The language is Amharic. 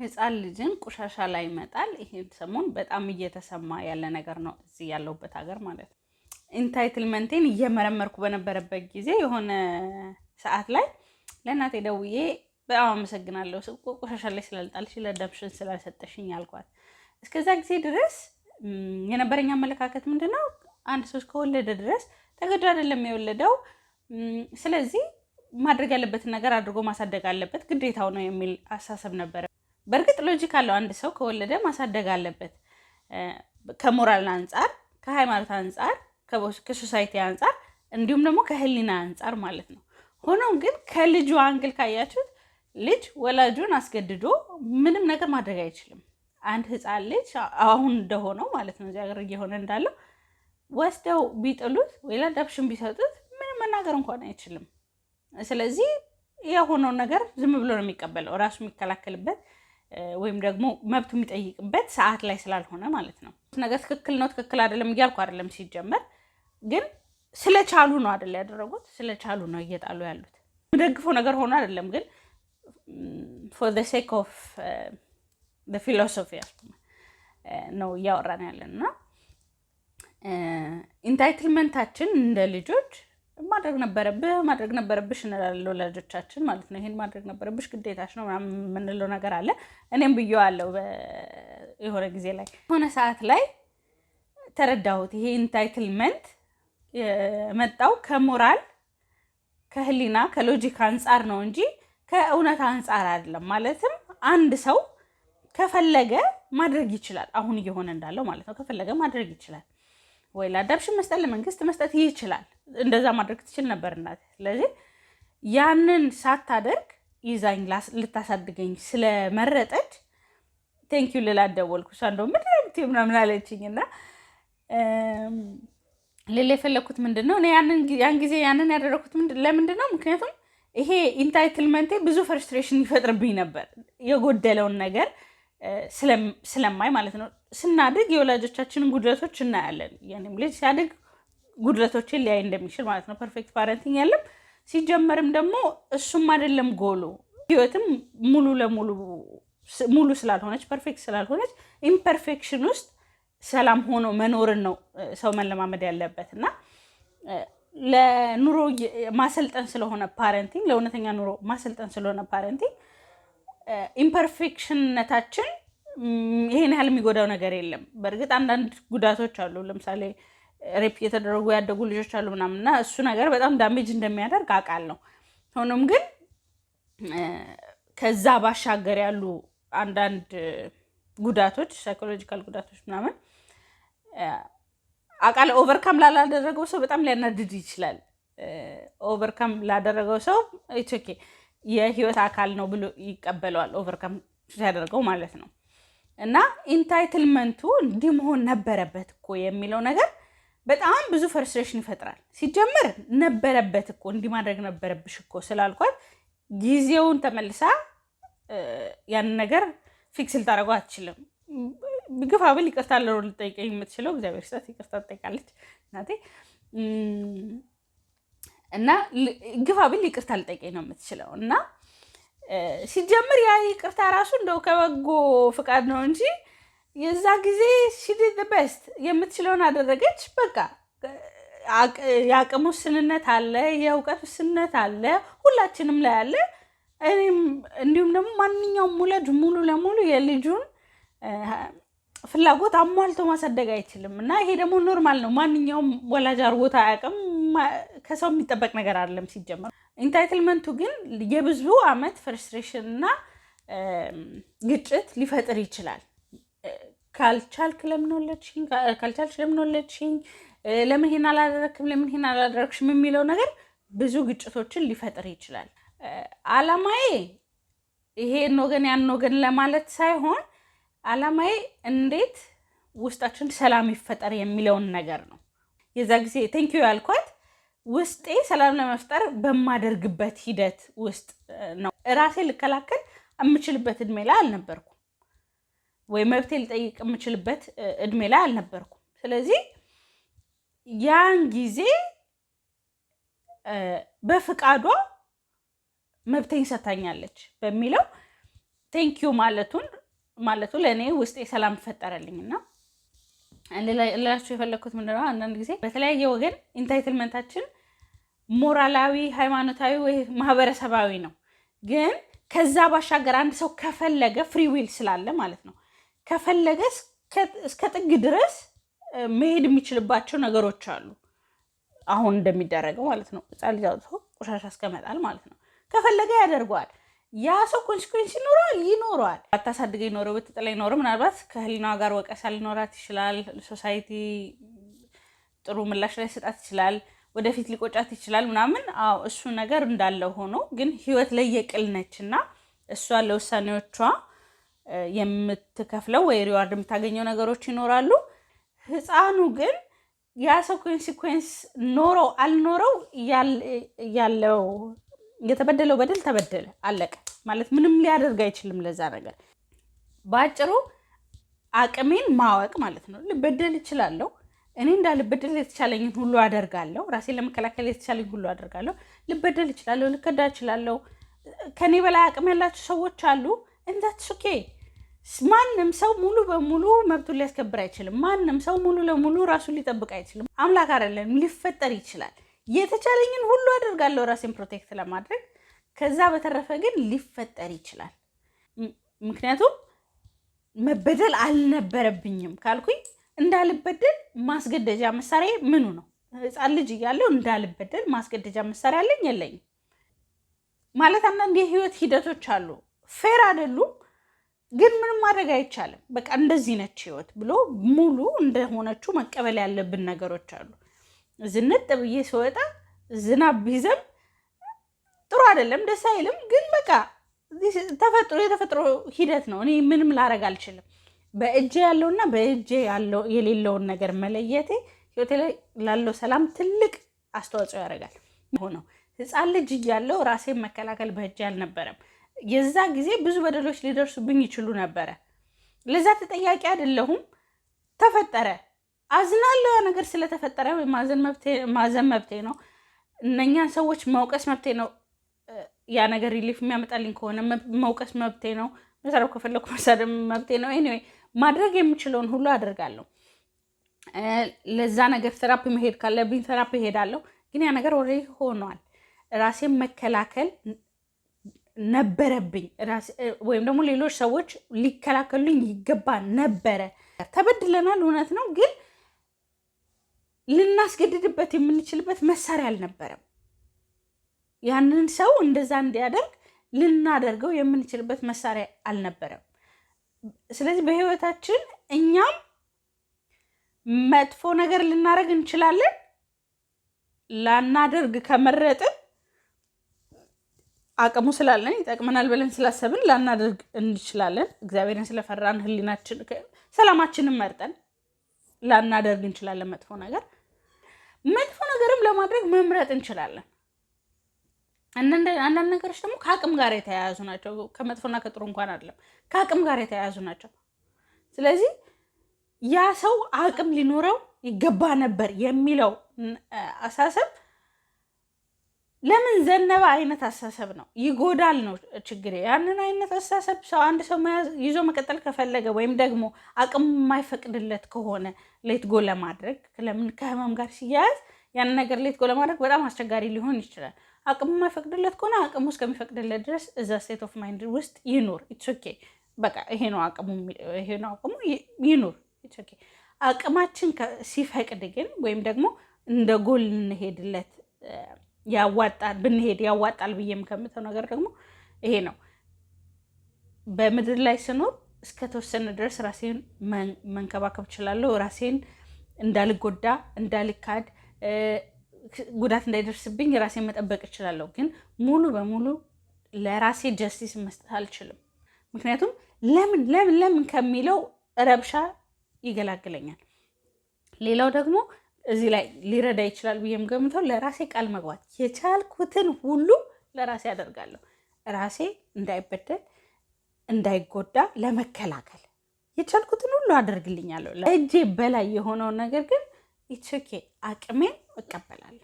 ህፃን ልጅን ቆሻሻ ላይ መጣል ይሄን ሰሞን በጣም እየተሰማ ያለ ነገር ነው፣ እዚህ ያለሁበት ሀገር ማለት ነው። ኢንታይትልመንቴን እየመረመርኩ በነበረበት ጊዜ የሆነ ሰዓት ላይ ለእናቴ ደውዬ በጣም አመሰግናለሁ ቆሻሻ ላይ ስላልጣልሽ ለዳፕሽን ስላልሰጠሽኝ ያልኳት። እስከዛ ጊዜ ድረስ የነበረኝ አመለካከት ምንድን ነው? አንድ ሰው እስከወለደ ድረስ ተገዶ አይደለም የወለደው፣ ስለዚህ ማድረግ ያለበትን ነገር አድርጎ ማሳደግ አለበት ግዴታው ነው የሚል አሳሰብ ነበረ በእርግጥ ሎጂክ አለው። አንድ ሰው ከወለደ ማሳደግ አለበት። ከሞራል አንጻር፣ ከሃይማኖት አንጻር፣ ከሶሳይቲ አንጻር እንዲሁም ደግሞ ከህሊና አንጻር ማለት ነው። ሆኖም ግን ከልጁ አንግል ካያችሁት ልጅ ወላጁን አስገድዶ ምንም ነገር ማድረግ አይችልም። አንድ ህፃን ልጅ አሁን እንደሆነው ማለት ነው እዚህ ሀገር እየሆነ እንዳለው ወስደው ቢጥሉት ወይ ለአዳፕሽን ቢሰጡት ምንም መናገር እንኳን አይችልም። ስለዚህ የሆነውን ነገር ዝም ብሎ ነው የሚቀበለው ራሱ የሚከላከልበት ወይም ደግሞ መብቱ የሚጠይቅበት ሰዓት ላይ ስላልሆነ ማለት ነው። ነገር ትክክል ነው ትክክል አይደለም እያልኩ አይደለም። ሲጀመር ግን ስለቻሉ ነው አይደለ ያደረጉት፣ ስለቻሉ ነው እየጣሉ ያሉት። የምደግፈው ነገር ሆኖ አይደለም ግን ፎር ዘ ሴክ ኦፍ ፊሎሶፊ ነው እያወራን ያለን እና ኢንታይትልመንታችን እንደ ልጆች ማድረግ ነበረብህ ማድረግ ነበረብሽ እንላለን ለወላጆቻችን ማለት ነው። ይሄን ማድረግ ነበረብሽ ግዴታሽ ነው ምናምን የምንለው ነገር አለ። እኔም ብዬዋለሁ የሆነ ጊዜ ላይ የሆነ ሰዓት ላይ ተረዳሁት። ይሄ ኢንታይትልመንት የመጣው ከሞራል ከህሊና ከሎጂክ አንጻር ነው እንጂ ከእውነት አንጻር አይደለም። ማለትም አንድ ሰው ከፈለገ ማድረግ ይችላል። አሁን እየሆነ እንዳለው ማለት ነው። ከፈለገ ማድረግ ይችላል ወይ ለአዳፕሽን መስጠት ለመንግስት መስጠት ይችላል እንደዛ ማድረግ ትችል ነበር እናት። ስለዚህ ያንን ሳታደርግ ይዛኝ ልታሳድገኝ ስለመረጠች ቴንኪዩ ልላት ደወልኩ። እሷ እንደው ምድረምት ምናምን አለችኝ እና ሌላ የፈለግኩት ምንድን ነው ያን ጊዜ ያንን ያደረግኩት ለምንድን ነው? ምክንያቱም ይሄ ኢንታይትልመንቴ ብዙ ፍርስትሬሽን ይፈጥርብኝ ነበር የጎደለውን ነገር ስለማይ ማለት ነው። ስናድግ የወላጆቻችንን ጉድለቶች እናያለን። ያኔም ልጅ ሲያድግ ጉድለቶችን ሊያይ እንደሚችል ማለት ነው። ፐርፌክት ፓረንቲንግ ያለም ሲጀመርም ደግሞ እሱም አይደለም ጎሉ። ህይወትም ሙሉ ለሙሉ ሙሉ ስላልሆነች ፐርፌክት ስላልሆነች ኢምፐርፌክሽን ውስጥ ሰላም ሆኖ መኖርን ነው ሰው መለማመድ ያለበት እና ለኑሮ ማሰልጠን ስለሆነ ፓረንቲንግ ለእውነተኛ ኑሮ ማሰልጠን ስለሆነ ፓረንቲንግ ኢምፐርፌክሽንነታችን ይሄን ያህል የሚጎዳው ነገር የለም። በእርግጥ አንዳንድ ጉዳቶች አሉ። ለምሳሌ ሬፕ እየተደረጉ ያደጉ ልጆች አሉ ምናምን እና እሱ ነገር በጣም ዳሜጅ እንደሚያደርግ አውቃለሁ። ሆኖም ግን ከዛ ባሻገር ያሉ አንዳንድ ጉዳቶች፣ ሳይኮሎጂካል ጉዳቶች ምናምን አቃል ኦቨርካም ላላደረገው ሰው በጣም ሊያናድድ ይችላል። ኦቨርካም ላደረገው ሰው ኦኬ የህይወት አካል ነው ብሎ ይቀበለዋል። ኦቨርካም ሲያደርገው ማለት ነው እና ኢንታይትልመንቱ እንዲህ መሆን ነበረበት እኮ የሚለው ነገር በጣም ብዙ ፍርስትሬሽን ይፈጥራል። ሲጀመር ነበረበት እኮ እንዲህ ማድረግ ነበረብሽ እኮ ስላልኳት ጊዜውን ተመልሳ ያን ነገር ፊክስ ልታደርገው አትችልም። ግፋ ብል ይቅርታ ለሮ ልጠይቀኝ የምትችለው እግዚአብሔር ስጠት ይቅርታ ትጠይቃለች እናቴ እና ግፋ ብል ይቅርታ ልጠይቀኝ ነው የምትችለው እና ሲጀምር ያ ይቅርታ ራሱ እንደው ከበጎ ፍቃድ ነው እንጂ የዛ ጊዜ ሽዲድ በስት የምትችለውን አደረገች። በቃ የአቅም ውስንነት አለ፣ የእውቀት ውስንነት አለ፣ ሁላችንም ላይ አለ። እኔም እንዲሁም ደግሞ ማንኛውም ወላጅ ሙሉ ለሙሉ የልጁን ፍላጎት አሟልቶ ማሳደግ አይችልም እና ይሄ ደግሞ ኖርማል ነው። ማንኛውም ወላጅ አርቦታ አያውቅም። ከሰው የሚጠበቅ ነገር አይደለም ሲጀመር። ኢንታይትልመንቱ ግን የብዙ አመት ፍርስትሬሽን እና ግጭት ሊፈጥር ይችላል። ካልቻልክ ለምን ወለድሽኝ፣ ካልቻልሽ ለምን ወለድሽኝ፣ ለምን ይሄን አላደረክም፣ ለምን ይሄን አላደረግሽም የሚለው ነገር ብዙ ግጭቶችን ሊፈጥር ይችላል። አላማዬ ይሄን ወገን ያን ወገን ለማለት ሳይሆን አላማዬ እንዴት ውስጣችን ሰላም ይፈጠር የሚለውን ነገር ነው። የዛ ጊዜ ቴንኪዩ ያልኳት ውስጤ ሰላም ለመፍጠር በማደርግበት ሂደት ውስጥ ነው። ራሴ ልከላከል የምችልበት እድሜ ላይ አልነበርኩም። ወይ መብቴ ልጠይቅ የምችልበት እድሜ ላይ አልነበርኩም። ስለዚህ ያን ጊዜ በፍቃዷ መብቴን ሰታኛለች በሚለው ቴንኪዩ ማለቱን ማለቱ ለእኔ ውስጤ ሰላም እና ልላችሁ የፈለግኩት ምንድነው፣ አንዳንድ ጊዜ በተለያየ ወገን ኢንታይትልመንታችን ሞራላዊ፣ ሃይማኖታዊ ወይ ማህበረሰባዊ ነው። ግን ከዛ ባሻገር አንድ ሰው ከፈለገ ፍሪ ዊል ስላለ ማለት ነው ከፈለገ እስከ ጥግ ድረስ መሄድ የሚችልባቸው ነገሮች አሉ። አሁን እንደሚደረገው ማለት ነው። ሕፃን ልጅ አውጥቶ ቆሻሻ እስከመጣል ማለት ነው። ከፈለገ ያደርገዋል። ያ ሰው ኮንሲኩዌንስ ይኖረዋል ይኖረዋል። አታሳድገ ይኖረው ብትጥላ ይኖረው ምናልባት ከህሊናዋ ጋር ወቀሳ ሊኖራት ይችላል። ሶሳይቲ ጥሩ ምላሽ ላይ ስጣት ይችላል። ወደፊት ሊቆጫት ይችላል ምናምን። አዎ እሱ ነገር እንዳለ ሆኖ ግን ህይወት ለየቅል ነች እና እሷ ለውሳኔዎቿ የምትከፍለው ወይ ሪዋርድ የምታገኘው ነገሮች ይኖራሉ። ህፃኑ ግን ያ ሰው ኮንሲኩዌንስ ኖረው አልኖረው ያለው የተበደለው በደል ተበደለ፣ አለቀ ማለት ምንም ሊያደርግ አይችልም ለዛ ነገር። በአጭሩ አቅሜን ማወቅ ማለት ነው። ልበደል እችላለሁ። እኔ እንዳልበደል የተቻለኝን ሁሉ አደርጋለሁ። ራሴን ለመከላከል የተቻለኝ ሁሉ አደርጋለሁ። ልበደል እችላለሁ፣ ልከዳ እችላለሁ። ከእኔ በላይ አቅም ያላቸው ሰዎች አሉ። እንዳትሱኬ ማንም ሰው ሙሉ በሙሉ መብቱን ሊያስከብር አይችልም። ማንም ሰው ሙሉ ለሙሉ ራሱን ሊጠብቅ አይችልም። አምላክ አይደለም፣ ሊፈጠር ይችላል። የተቻለኝን ሁሉ አደርጋለሁ ራሴን ፕሮቴክት ለማድረግ ከዛ በተረፈ ግን ሊፈጠር ይችላል። ምክንያቱም መበደል አልነበረብኝም ካልኩኝ እንዳልበደል ማስገደጃ መሳሪያ ምኑ ነው? ህፃን ልጅ እያለው እንዳልበደል ማስገደጃ መሳሪያ አለኝ የለኝም? ማለት አንዳንድ የህይወት ሂደቶች አሉ፣ ፌር አይደሉም ግን ምንም ማድረግ አይቻልም። በቃ እንደዚህ ነች ህይወት ብሎ ሙሉ እንደሆነችው መቀበል ያለብን ነገሮች አሉ። ዝንጥ ብዬ ስወጣ ዝናብ ቢዘም ጥሩ አይደለም፣ ደስ አይልም። ግን በቃ ተፈጥሮ የተፈጥሮ ሂደት ነው። እኔ ምንም ላረግ አልችልም። በእጄ ያለውና በእጄ የሌለውን ነገር መለየቴ ህይወቴ ላይ ላለው ሰላም ትልቅ አስተዋጽኦ ያደርጋል። ሆነው ህፃን ልጅ እያለው ራሴን መከላከል በእጄ አልነበረም። የዛ ጊዜ ብዙ በደሎች ሊደርሱብኝ ይችሉ ነበረ። ለዛ ተጠያቂ አይደለሁም። ተፈጠረ፣ አዝናለሁ። ያ ነገር ስለተፈጠረ ማዘን መብቴ ነው። እነኛን ሰዎች መውቀስ መብቴ ነው። ያ ነገር ሪሊፍ የሚያመጣልኝ ከሆነ መውቀስ መብቴ ነው። መሰረው ከፈለኩ መሳደብ መብቴ ነው። ኤኒዌይ ማድረግ የምችለውን ሁሉ አደርጋለሁ። ለዛ ነገር ተራፒ መሄድ ካለብኝ ተራፒ እሄዳለሁ። ግን ያ ነገር ኦልሬዲ ሆኗል። ራሴን መከላከል ነበረብኝ ወይም ደግሞ ሌሎች ሰዎች ሊከላከሉኝ ይገባ ነበረ። ተበድለናል፣ እውነት ነው፣ ግን ልናስገድድበት የምንችልበት መሳሪያ አልነበረም። ያንን ሰው እንደዛ እንዲያደርግ ልናደርገው የምንችልበት መሳሪያ አልነበረም። ስለዚህ በህይወታችን እኛም መጥፎ ነገር ልናደርግ እንችላለን። ላናደርግ ከመረጥን አቅሙ ስላለን ይጠቅመናል ብለን ስላሰብን ላናደርግ እንችላለን። እግዚአብሔርን ስለፈራን ህሊናችን ሰላማችንን መርጠን ላናደርግ እንችላለን መጥፎ ነገር። መጥፎ ነገርም ለማድረግ መምረጥ እንችላለን። አንዳንድ ነገሮች ደግሞ ከአቅም ጋር የተያያዙ ናቸው። ከመጥፎና ከጥሩ እንኳን አይደለም፣ ከአቅም ጋር የተያያዙ ናቸው። ስለዚህ ያ ሰው አቅም ሊኖረው ይገባ ነበር የሚለው አሳሰብ ለምን ዘነበ አይነት አስተሳሰብ ነው ይጎዳል ነው ችግር። ያንን አይነት አስተሳሰብ ሰው አንድ ሰው ይዞ መቀጠል ከፈለገ ወይም ደግሞ አቅም የማይፈቅድለት ከሆነ ሌትጎ ለማድረግ ለምን ከህመም ጋር ሲያያዝ ያን ነገር ሌትጎ ለማድረግ በጣም አስቸጋሪ ሊሆን ይችላል። አቅም የማይፈቅድለት ከሆነ አቅሙ እስከሚፈቅድለት ድረስ እዛ ስቴት ኦፍ ማይንድ ውስጥ ይኑር። ኢትስ ኦኬ በቃ ይሄ ነው አቅሙ፣ ይሄ ነው አቅሙ ይኑር። ኢትስ ኦኬ። አቅማችን ሲፈቅድ ግን ወይም ደግሞ እንደ ጎል እንሄድለት ያዋጣል ብንሄድ ያዋጣል ብዬም ከምተው ነገር ደግሞ ይሄ ነው። በምድር ላይ ስኖር እስከ ተወሰነ ድረስ ራሴን መንከባከብ እችላለሁ። ራሴን እንዳልጎዳ እንዳልካድ፣ ጉዳት እንዳይደርስብኝ ራሴን መጠበቅ እችላለሁ። ግን ሙሉ በሙሉ ለራሴ ጀስቲስ መስጠት አልችልም። ምክንያቱም ለምን ለምን ለምን ከሚለው ረብሻ ይገላግለኛል። ሌላው ደግሞ እዚህ ላይ ሊረዳ ይችላል ብዬም ገምተው ለራሴ ቃል መግባት የቻልኩትን ሁሉ ለራሴ አደርጋለሁ። ራሴ እንዳይበደል እንዳይጎዳ ለመከላከል የቻልኩትን ሁሉ አደርግልኛለሁ። እጄ በላይ የሆነውን ነገር ግን ኢትኬ አቅሜን እቀበላለሁ።